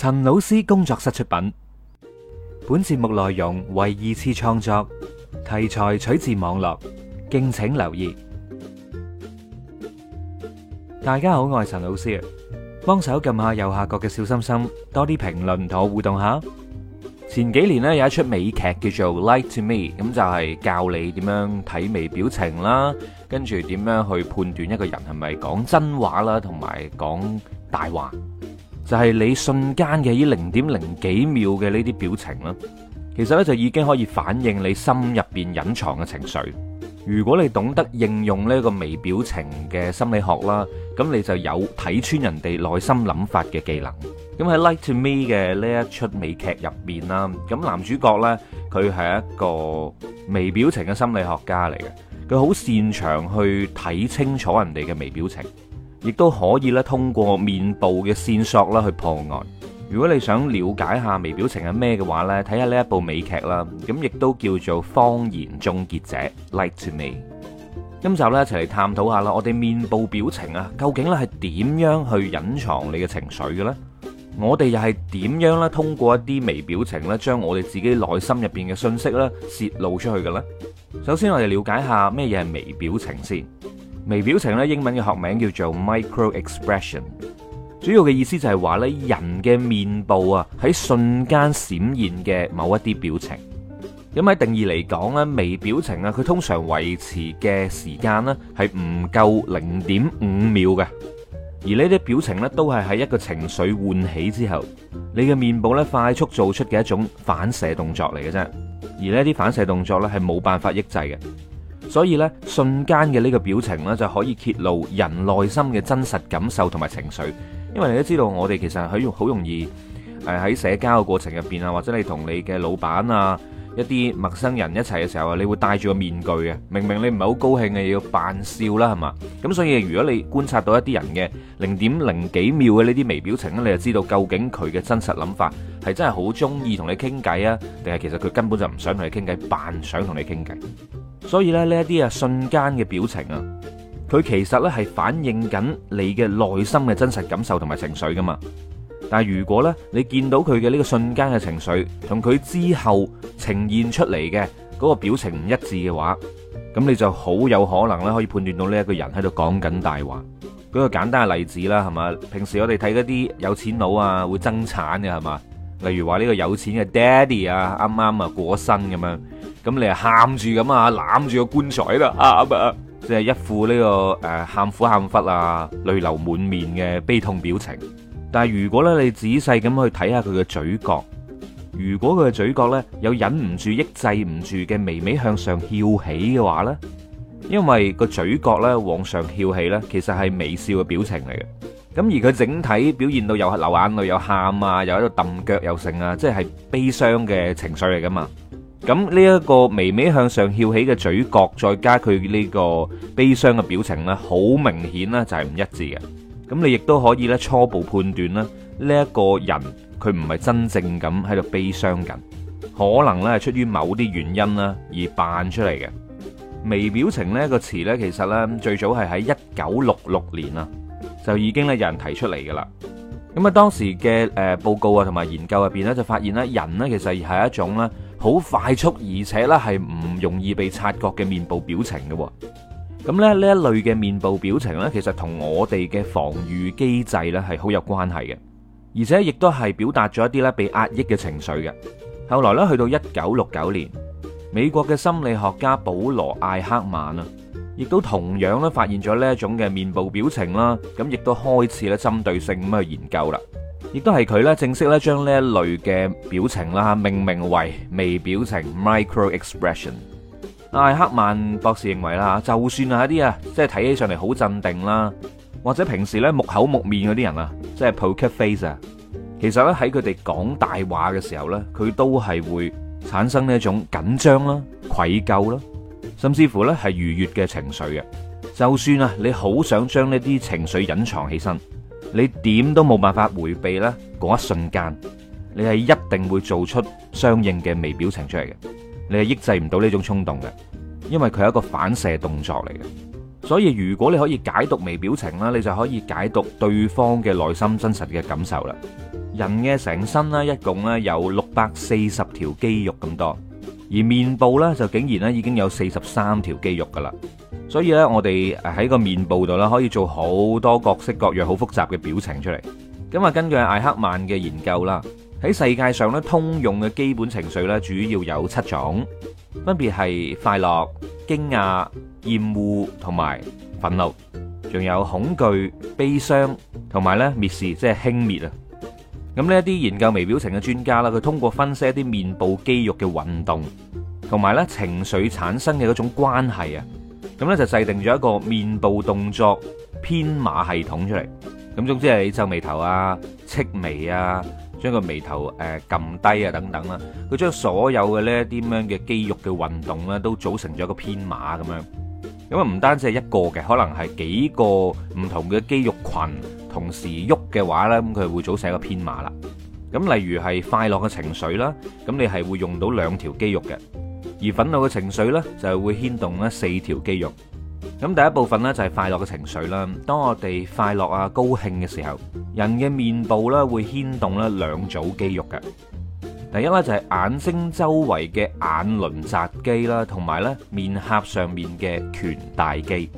陳老師工作室出品，本節目內容為二次創作，題材取自網絡，敬請留意。大家好，我係陳老師，幫手撳下右下角嘅小心心，多啲評論同我互動下。前幾年呢有一出美劇叫做《Lie to Me》，咁就係教你點樣睇微表情啦，跟住點樣去判斷一個人係咪講真話啦，同埋講大話。就係你瞬間嘅呢零點零幾秒嘅呢啲表情啦，其實呢就已經可以反映你心入邊隱藏嘅情緒。如果你懂得應用呢個微表情嘅心理學啦，咁你就有睇穿人哋內心諗法嘅技能。咁喺《Lie to Me》嘅呢一出美劇入面啦，咁男主角呢佢係一個微表情嘅心理學家嚟嘅，佢好擅長去睇清楚人哋嘅微表情。亦都可以咧，通過面部嘅線索啦去破案。如果你想了解下微表情係咩嘅話咧，睇下呢一部美劇啦，咁亦都叫做《謊言終結者》。Lie to Me。今集咧一齊嚟探討下啦，我哋面部表情啊，究竟咧係點樣去隱藏你嘅情緒嘅咧？我哋又係點樣咧通過一啲微表情咧，將我哋自己內心入邊嘅信息咧洩露出去嘅咧？首先我哋了解下咩嘢係微表情先。微表情咧，英文嘅學名叫做 microexpression，主要嘅意思就係話咧，人嘅面部啊，喺瞬間閃現嘅某一啲表情。咁喺定義嚟講咧，微表情啊，佢通常維持嘅時間咧係唔夠零點五秒嘅，而呢啲表情咧都係喺一個情緒喚起之後，你嘅面部咧快速做出嘅一種反射動作嚟嘅啫，而呢啲反射動作咧係冇辦法抑制嘅。所以呢，瞬間嘅呢個表情呢，就可以揭露人內心嘅真實感受同埋情緒。因為你都知道，我哋其實係好好容易誒喺社交嘅過程入邊啊，或者你同你嘅老闆啊、一啲陌生人一齊嘅時候啊，你會戴住個面具呀，明明你唔係好高興嘅，要扮笑啦，係嘛？咁所以，如果你觀察到一啲人嘅零點零幾秒嘅呢啲微表情咧，你就知道究竟佢嘅真實諗法係真係好中意同你傾偈啊，定係其實佢根本就唔想同你傾偈，扮想同你傾偈。所以咧，呢一啲啊瞬間嘅表情啊，佢其實呢係反映緊你嘅內心嘅真實感受同埋情緒噶嘛。但係如果呢，你見到佢嘅呢個瞬間嘅情緒同佢之後呈現出嚟嘅嗰個表情唔一致嘅話，咁你就好有可能呢，可以判斷到呢一個人喺度講緊大話。嗰、舉個簡單嘅例子啦，係嘛？平時我哋睇嗰啲有錢佬啊，會爭產嘅係嘛？例如話呢個有錢嘅 daddy 啊，啱啱啊過咗身咁樣。咁你啊喊住咁啊攬住個棺材啦，喊啊！即係一副呢個誒喊苦喊忽啊，淚流滿面嘅悲痛表情。但係如果咧你仔細咁去睇下佢嘅嘴角，如果佢嘅嘴角咧有忍唔住抑制唔住嘅微微向上翹起嘅話咧，因為個嘴角咧往上翹起咧，其實係微笑嘅表情嚟嘅。咁而佢整體表現到又流眼淚、又喊啊、又喺度揼腳、又剩啊，即係悲傷嘅情緒嚟噶嘛。咁呢一個微微向上翹起嘅嘴角，再加佢呢個悲傷嘅表情呢，好明顯呢就係唔一致嘅。咁你亦都可以呢初步判斷呢呢一個人佢唔係真正咁喺度悲傷緊，可能呢係出於某啲原因啦而扮出嚟嘅。微表情呢個詞呢其實呢最早係喺一九六六年啊就已經呢有人提出嚟噶啦。咁啊當時嘅誒報告啊同埋研究入邊呢就發現呢人呢其實係一種呢。好快速而且咧係唔容易被察覺嘅面部表情嘅，咁咧呢一類嘅面部表情呢，其實同我哋嘅防禦機制呢係好有關係嘅，而且亦都係表達咗一啲咧被壓抑嘅情緒嘅。後來咧去到一九六九年，美國嘅心理學家保羅艾克曼啊，亦都同樣咧發現咗呢一種嘅面部表情啦，咁亦都開始咧針對性咁去研究啦。亦都係佢咧正式咧將呢一類嘅表情啦，命名為微表情 （micro expression）。艾克曼博士認為啦，就算係一啲啊，即係睇起上嚟好鎮定啦，或者平時咧木口木面嗰啲人啊，即係 poker face 啊，其實咧喺佢哋講大話嘅時候咧，佢都係會產生呢一種緊張啦、愧疚啦，甚至乎咧係愉悅嘅情緒嘅。就算啊，你好想將呢啲情緒隱藏起身。你點都冇辦法回避呢，嗰一瞬間，你係一定會做出相應嘅微表情出嚟嘅，你係抑制唔到呢種衝動嘅，因為佢係一個反射動作嚟嘅。所以如果你可以解讀微表情啦，你就可以解讀對方嘅內心真實嘅感受啦。人嘅成身呢，一共呢有六百四十條肌肉咁多，而面部呢，就竟然呢已經有四十三條肌肉噶啦。所以咧，我哋喺個面部度咧，可以做好多各式各樣好複雜嘅表情出嚟。咁啊，根據艾克曼嘅研究啦，喺世界上咧，通用嘅基本情緒咧，主要有七種，分別係快樂、驚訝、厭惡同埋憤怒，仲有恐懼、悲傷同埋咧蔑視，即係輕蔑啊。咁呢一啲研究微表情嘅專家啦，佢通過分析一啲面部肌肉嘅運動，同埋咧情緒產生嘅嗰種關係啊。咁咧就制定咗一個面部動作編碼系統出嚟。咁總之係你皺眉頭啊、戚眉啊、將個眉頭誒撳低啊等等啦。佢將所有嘅呢啲咁樣嘅肌肉嘅運動咧，都組成咗一個編碼咁樣。咁唔單止係一個嘅，可能係幾個唔同嘅肌肉群同時喐嘅話咧，咁佢會組成一個編碼啦。咁例如係快樂嘅情緒啦，咁你係會用到兩條肌肉嘅。而憤怒嘅情緒呢，就係會牽動四條肌肉。咁第一部分呢，就係快樂嘅情緒啦。當我哋快樂啊、高興嘅時候，人嘅面部呢，會牽動呢兩組肌肉嘅。第一呢，就係眼睛周圍嘅眼輪匝肌啦，同埋呢面頰上面嘅顴大肌。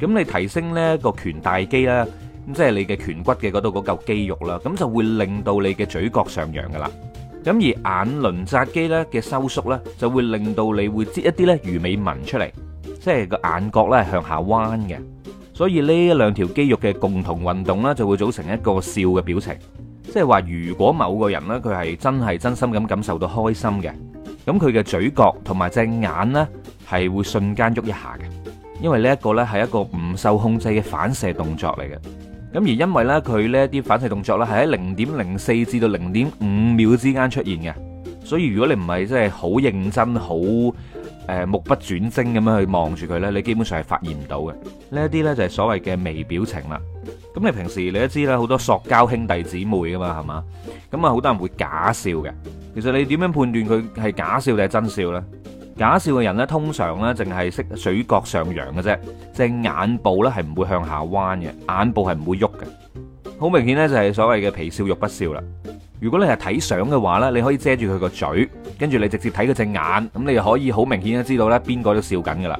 咁你提升呢、就是、個顴大肌啦，咁即係你嘅顴骨嘅嗰度嗰嚿肌肉啦，咁就會令到你嘅嘴角上揚噶啦。咁而眼輪匝肌咧嘅收縮呢，就會令到你會擠一啲咧魚尾紋出嚟，即係個眼角咧係向下彎嘅。所以呢兩條肌肉嘅共同運動呢，就會組成一個笑嘅表情。即係話，如果某個人呢佢係真係真心咁感受到開心嘅，咁佢嘅嘴角同埋隻眼呢係會瞬間喐一下嘅，因為呢一個呢係一個唔受控制嘅反射動作嚟嘅。咁而因為呢，佢呢啲反射動作呢係喺零點零四至到零點五秒之間出現嘅，所以如果你唔係真係好認真、好誒目不轉睛咁樣去望住佢呢，你基本上係發現唔到嘅。呢一啲呢就係所謂嘅微表情啦。咁你平時你都知啦，好多塑膠兄弟姊妹㗎嘛，係嘛？咁啊，好多人會假笑嘅。其實你點樣判斷佢係假笑定係真笑呢？假笑嘅人咧，通常咧淨係識嘴角上揚嘅啫，隻眼部咧係唔會向下彎嘅，眼部係唔會喐嘅。好明顯呢，就係所謂嘅皮笑肉不笑啦。如果你係睇相嘅話咧，你可以遮住佢個嘴，跟住你直接睇佢隻眼，咁你就可以好明顯啊知道咧邊個喺度笑緊噶啦。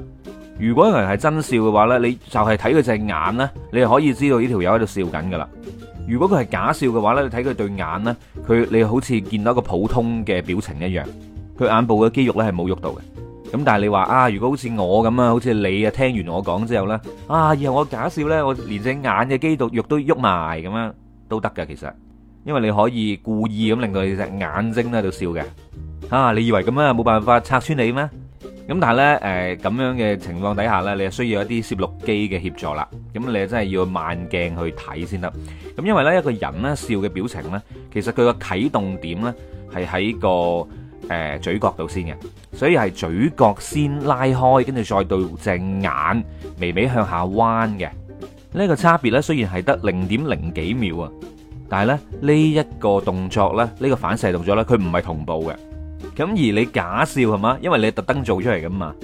如果有人係真笑嘅話呢，你就係睇佢隻眼咧，你可以知道呢條友喺度笑緊噶啦。如果佢係假笑嘅話咧，你睇佢對眼咧，佢你好似見到一個普通嘅表情一樣。佢眼部嘅肌肉咧係冇喐到嘅。咁但係你話啊，如果好似我咁啊，好似你啊，聽完我講之後咧啊，以後我假笑咧，我連隻眼嘅肌肉肉都喐埋咁樣都得㗎。其實，因為你可以故意咁令到你隻眼睛咧喺度笑嘅。啊，你以為咁啊冇辦法拆穿你咩？咁但係咧誒咁樣嘅情況底下咧，你係需要一啲攝錄機嘅協助啦。咁你真係要慢鏡去睇先得。咁因為咧一個人咧笑嘅表情咧，其實佢個啟動點咧係喺個。誒，嘴角度先嘅，所以係嘴角先拉開，跟住再到隻眼微微向下彎嘅。呢個差別咧，雖然係得零點零幾秒啊，但係咧呢一個動作咧，呢個反射動作咧，佢唔係同步嘅。咁而你假笑係嘛，因為你特登做出嚟噶嘛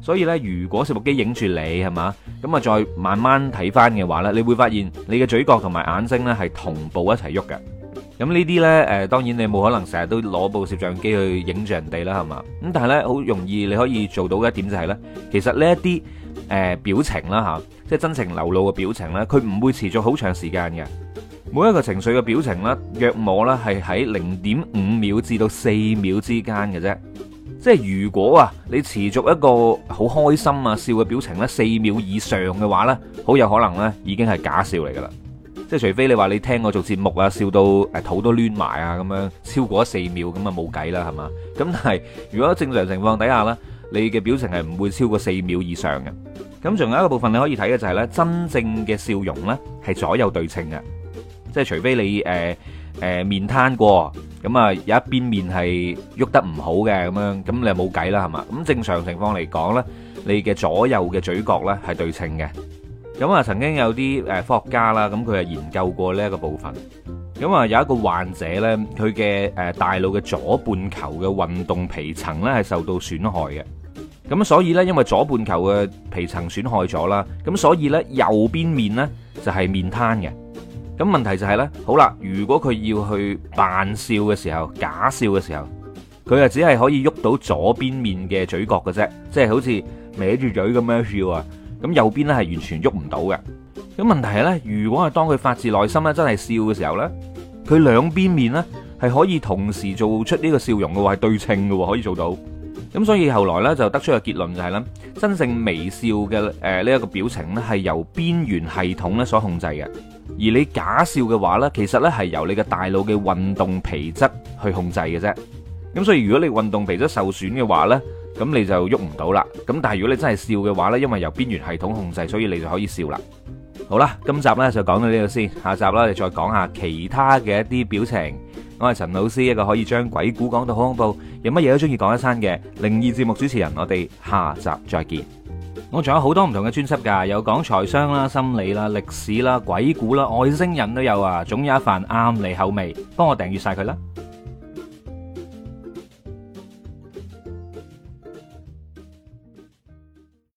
所以咧如果攝像機影住你係嘛，咁啊再慢慢睇翻嘅話咧，你會發現你嘅嘴角同埋眼睛咧係同步一齊喐嘅。咁呢啲呢，誒當然你冇可能成日都攞部攝像機去影住人哋啦，係嘛？咁但係呢，好容易你可以做到嘅一點就係、是、呢。其實呢一啲誒表情啦嚇，即係真情流露嘅表情呢，佢唔會持續好長時間嘅。每一個情緒嘅表情呢，約摸呢係喺零點五秒至到四秒之間嘅啫。即係如果啊，你持續一個好開心啊笑嘅表情呢，四秒以上嘅話呢，好有可能呢已經係假笑嚟㗎啦。即係除非你話你聽我做節目啊，笑到誒肚都攣埋啊，咁樣超過咗四秒咁，啊冇計啦係嘛。咁但係如果正常情況底下咧，你嘅表情係唔會超過四秒以上嘅。咁仲有一個部分你可以睇嘅就係咧，真正嘅笑容咧係左右對稱嘅，即係除非你誒誒面癱過，咁啊有一邊面係喐得唔好嘅咁樣，咁你冇計啦係嘛。咁正常情況嚟講咧，你嘅左右嘅嘴角咧係對稱嘅。咁啊，曾經有啲誒科學家啦，咁佢係研究過呢一個部分。咁啊，有一個患者呢，佢嘅大腦嘅左半球嘅運動皮層呢係受到損害嘅。咁所以呢，因為左半球嘅皮層損害咗啦，咁所以呢，右邊面呢就係面癱嘅。咁問題就係呢，好啦，如果佢要去扮笑嘅時候，假笑嘅時候，佢就只係可以喐到左邊面嘅嘴角嘅啫，即係好似歪住嘴咁樣笑啊。咁右邊咧係完全喐唔到嘅。咁問題係咧，如果係當佢發自內心咧真係笑嘅時候咧，佢兩邊面咧係可以同時做出呢個笑容嘅話，係對稱嘅喎，可以做到。咁所以後來咧就得出嘅結論就係咧，真正微笑嘅誒呢一個表情咧係由邊緣系統咧所控制嘅，而你假笑嘅話咧，其實咧係由你嘅大腦嘅運動皮質去控制嘅啫。咁所以如果你運動皮質受損嘅話咧，咁你就喐唔到啦。咁但係如果你真係笑嘅話呢，因為由邊緣系統控制，所以你就可以笑啦。好啦，今集呢就講到呢度先，下集啦我哋再講下其他嘅一啲表情。我係陳老師，一個可以將鬼故講到好恐怖，有乜嘢都中意講一餐嘅靈異節目主持人。我哋下集再見。我仲有好多唔同嘅專輯噶，有講財商啦、心理啦、歷史啦、鬼故啦、外星人都有啊，總有一份啱你口味。幫我訂閱晒佢啦。